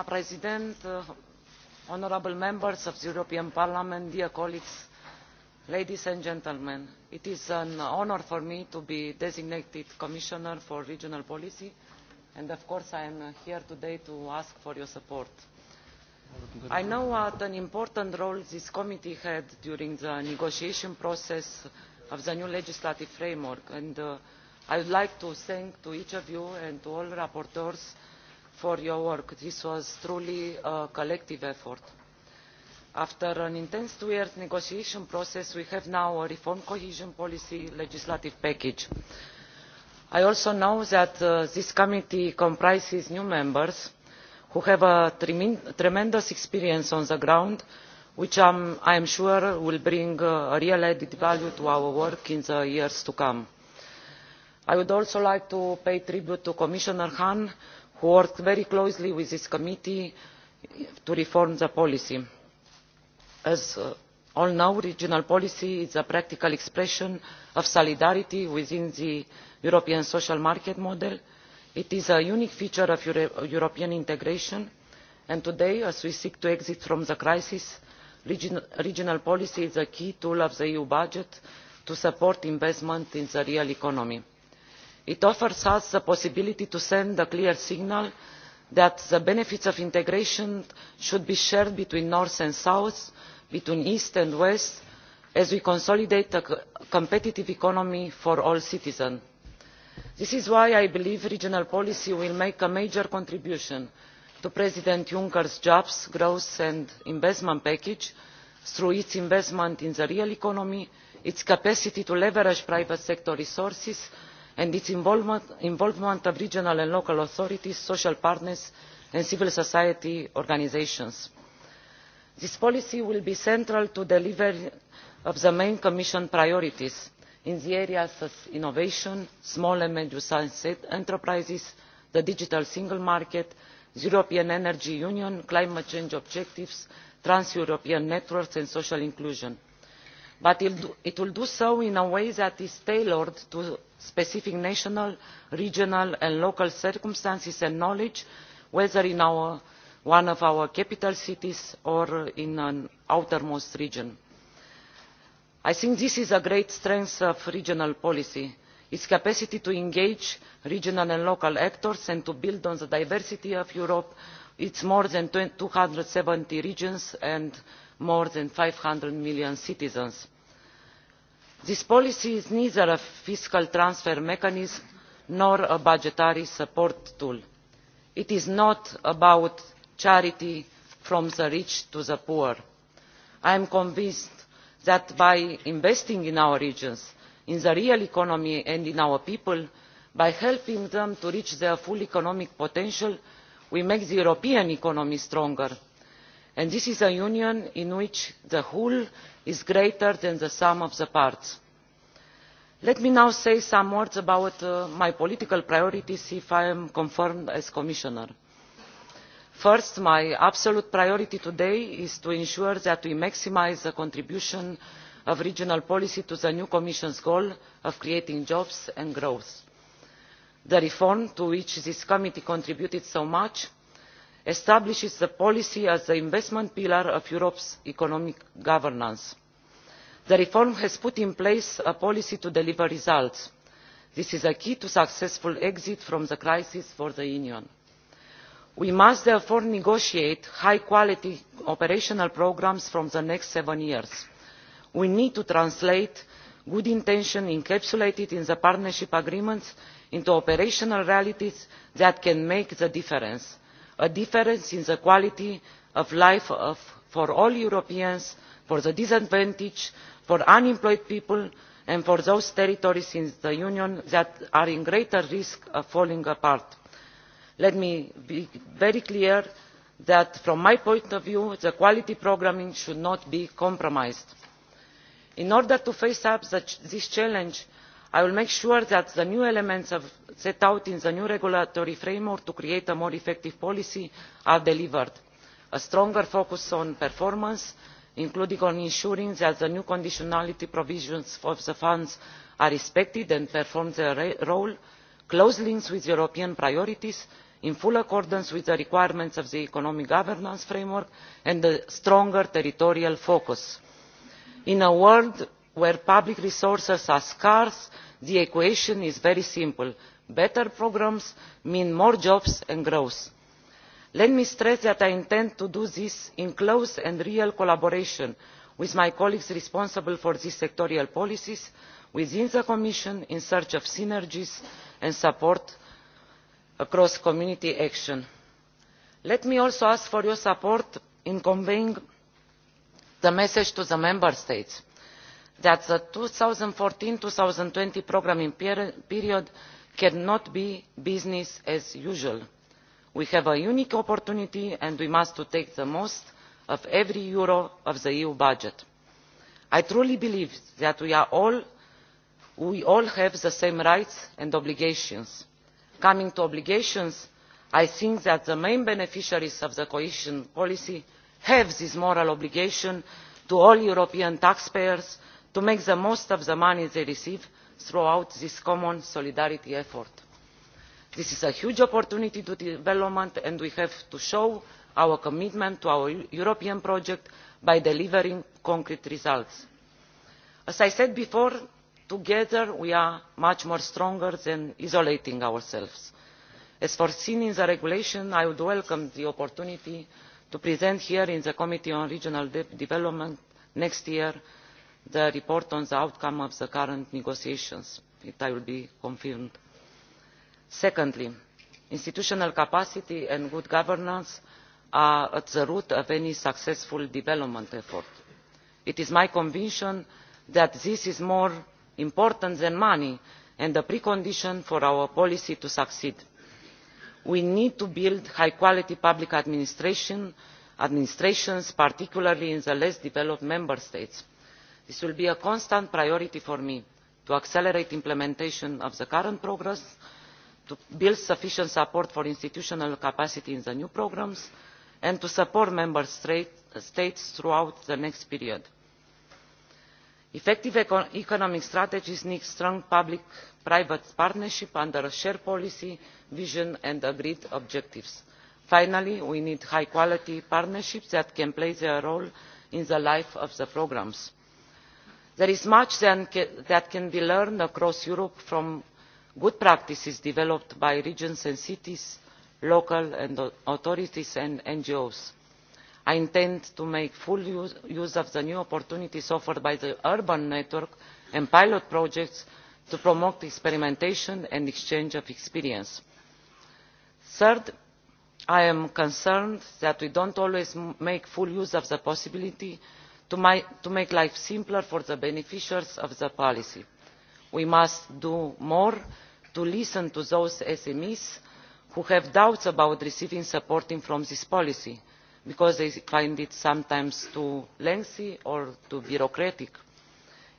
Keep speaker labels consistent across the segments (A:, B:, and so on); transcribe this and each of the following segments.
A: madam president honourable members of the european parliament dear colleagues ladies and gentlemen it is an honour for me to be designated commissioner for regional policy and of course i am here today to ask for your support. i know what an important role this committee had during the negotiation process of the new legislative framework and uh, i would like to thank to each of you and to all rapporteurs for your work. This was truly a collective effort. After an intense two-year negotiation process, we have now a reform cohesion policy legislative package. I also know that uh, this committee comprises new members who have a trem tremendous experience on the ground, which I'm, um, I am sure will bring uh, a real added value to our work in the years to come. I would also like to pay tribute to Commissioner Hahn, who worked very closely with this committee to reform the policy. As uh, all know, regional policy is a practical expression of solidarity within the European social market model. It is a unique feature of Euro European integration, and today, as we seek to exit from the crisis, region regional policy is a key tool of the EU budget to support investment in the real economy it offers us the possibility to send a clear signal that the benefits of integration should be shared between north and south between east and west as we consolidate a competitive economy for all citizens. this is why i believe regional policy will make a major contribution to president juncker's jobs growth and investment package through its investment in the real economy its capacity to leverage private sector resources and its involvement, involvement of regional and local authorities, social partners and civil society organisations. This policy will be central to delivery of the main Commission priorities in the areas of innovation, small and medium-sized enterprises, the digital single market, the European Energy Union, climate change objectives, trans-European networks and social inclusion but it will do so in a way that is tailored to specific national, regional and local circumstances and knowledge, whether in our, one of our capital cities or in an outermost region. I think this is a great strength of regional policy, its capacity to engage regional and local actors and to build on the diversity of Europe, its more than 270 regions and more than five hundred million citizens. this policy is neither a fiscal transfer mechanism nor a budgetary support tool. it is not about charity from the rich to the poor. i am convinced that by investing in our regions in the real economy and in our people by helping them to reach their full economic potential we make the european economy stronger and this is a union in which the whole is greater than the sum of the parts. Let me now say some words about uh, my political priorities if I am confirmed as Commissioner. First, my absolute priority today is to ensure that we maximise the contribution of regional policy to the new Commission's goal of creating jobs and growth. The reform to which this committee contributed so much establishes the policy as the investment pillar of europe's economic governance. the reform has put in place a policy to deliver results. this is a key to successful exit from the crisis for the union. we must therefore negotiate high quality operational programmes from the next seven years. we need to translate good intentions encapsulated in the partnership agreements into operational realities that can make the difference a difference in the quality of life of, for all Europeans, for the disadvantaged, for unemployed people, and for those territories in the Union that are in greater risk of falling apart. Let me be very clear that from my point of view, the quality programming should not be compromised. In order to face up the, this challenge, i will make sure that the new elements set out in the new regulatory framework to create a more effective policy are delivered a stronger focus on performance including on ensuring that the new conditionality provisions for the funds are respected and perform their role close links with european priorities in full accordance with the requirements of the economic governance framework and a stronger territorial focus. in a world where public resources are scarce the equation is very simple better programmes mean more jobs and growth. let me stress that i intend to do this in close and real collaboration with my colleagues responsible for these sectoral policies within the commission in search of synergies and support across community action. let me also ask for your support in conveying the message to the member states that the 2014-2020 programming period cannot be business as usual. We have a unique opportunity and we must to take the most of every euro of the EU budget. I truly believe that we, are all, we all have the same rights and obligations. Coming to obligations, I think that the main beneficiaries of the cohesion policy have this moral obligation to all European taxpayers to make the most of the money they receive throughout this common solidarity effort. This is a huge opportunity to development and we have to show our commitment to our European project by delivering concrete results. As I said before, together we are much more stronger than isolating ourselves. As foreseen in the regulation, I would welcome the opportunity to present here in the Committee on Regional De Development next year the report on the outcome of the current negotiations. It will be confirmed. Secondly, institutional capacity and good governance are at the root of any successful development effort. It is my conviction that this is more important than money and a precondition for our policy to succeed. We need to build high-quality public administration, administrations, particularly in the less developed member states this will be a constant priority for me to accelerate implementation of the current programmes to build sufficient support for institutional capacity in the new programmes and to support member states throughout the next period. effective economic strategies need strong public private partnership under a shared policy vision and agreed objectives. finally we need high quality partnerships that can play their role in the life of the programmes there is much that can be learned across europe from good practices developed by regions and cities local and authorities and ngos. i intend to make full use, use of the new opportunities offered by the urban network and pilot projects to promote experimentation and exchange of experience. third i am concerned that we do not always make full use of the possibility to, make life simpler for the beneficiaries of the policy. we must do more to listen to those smes who have doubts about receiving support from this policy because they find it sometimes too lengthy or too bureaucratic.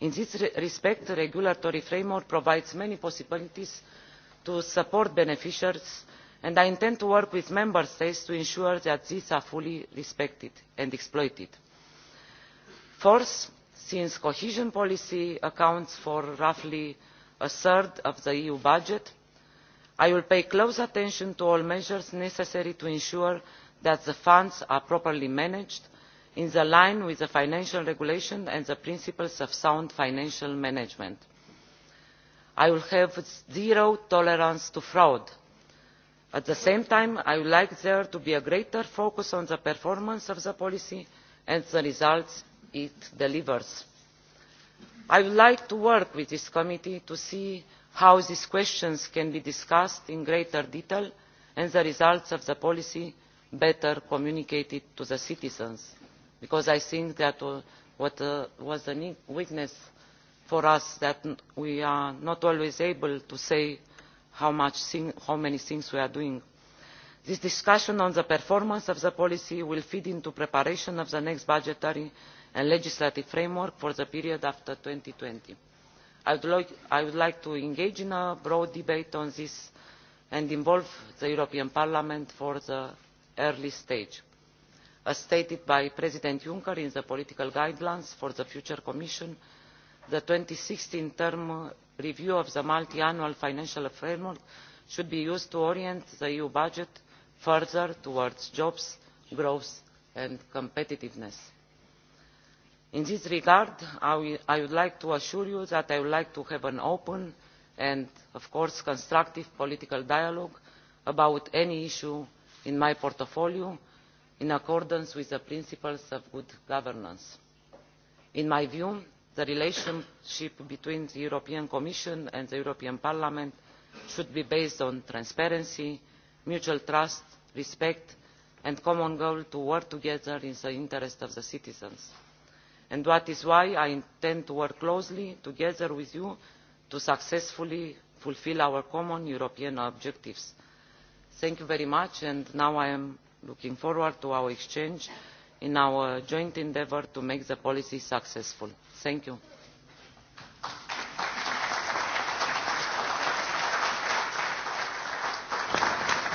A: in this respect the regulatory framework provides many possibilities to support beneficiaries and i intend to work with member states to ensure that these are fully respected and exploited. Fourth, since cohesion policy accounts for roughly a third of the eu budget i will pay close attention to all measures necessary to ensure that the funds are properly managed in line with the financial regulation and the principles of sound financial management. i will have zero tolerance to fraud. at the same time i would like there to be a greater focus on the performance of the policy and the results it delivers. I would like to work with this committee to see how these questions can be discussed in greater detail and the results of the policy better communicated to the citizens because I think that uh, what uh, was a weakness for us that we are not always able to say how, much thing, how many things we are doing. This discussion on the performance of the policy will feed into preparation of the next budgetary and legislative framework for the period after. 2020. I would, twenty i would like to engage in a broad debate on this and involve the european parliament for the early stage. as stated by president juncker in the political guidelines for the future commission the 2016 sixteen term review of the multiannual financial framework should be used to orient the eu budget further towards jobs growth and competitiveness. In this regard, I, would like to assure you that I would like to have an open and, of course, constructive political dialogue about any issue in my portfolio in accordance with the principles of good governance. In my view, the relationship between the European Commission and the European Parliament should be based on transparency, mutual trust, respect and common goal to work together in the interest of the citizens and that is why I intend to work closely together with you to successfully fulfill our common European objectives. Thank you very much, and now I am looking forward to our exchange in our joint endeavour to make the policy successful. Thank you.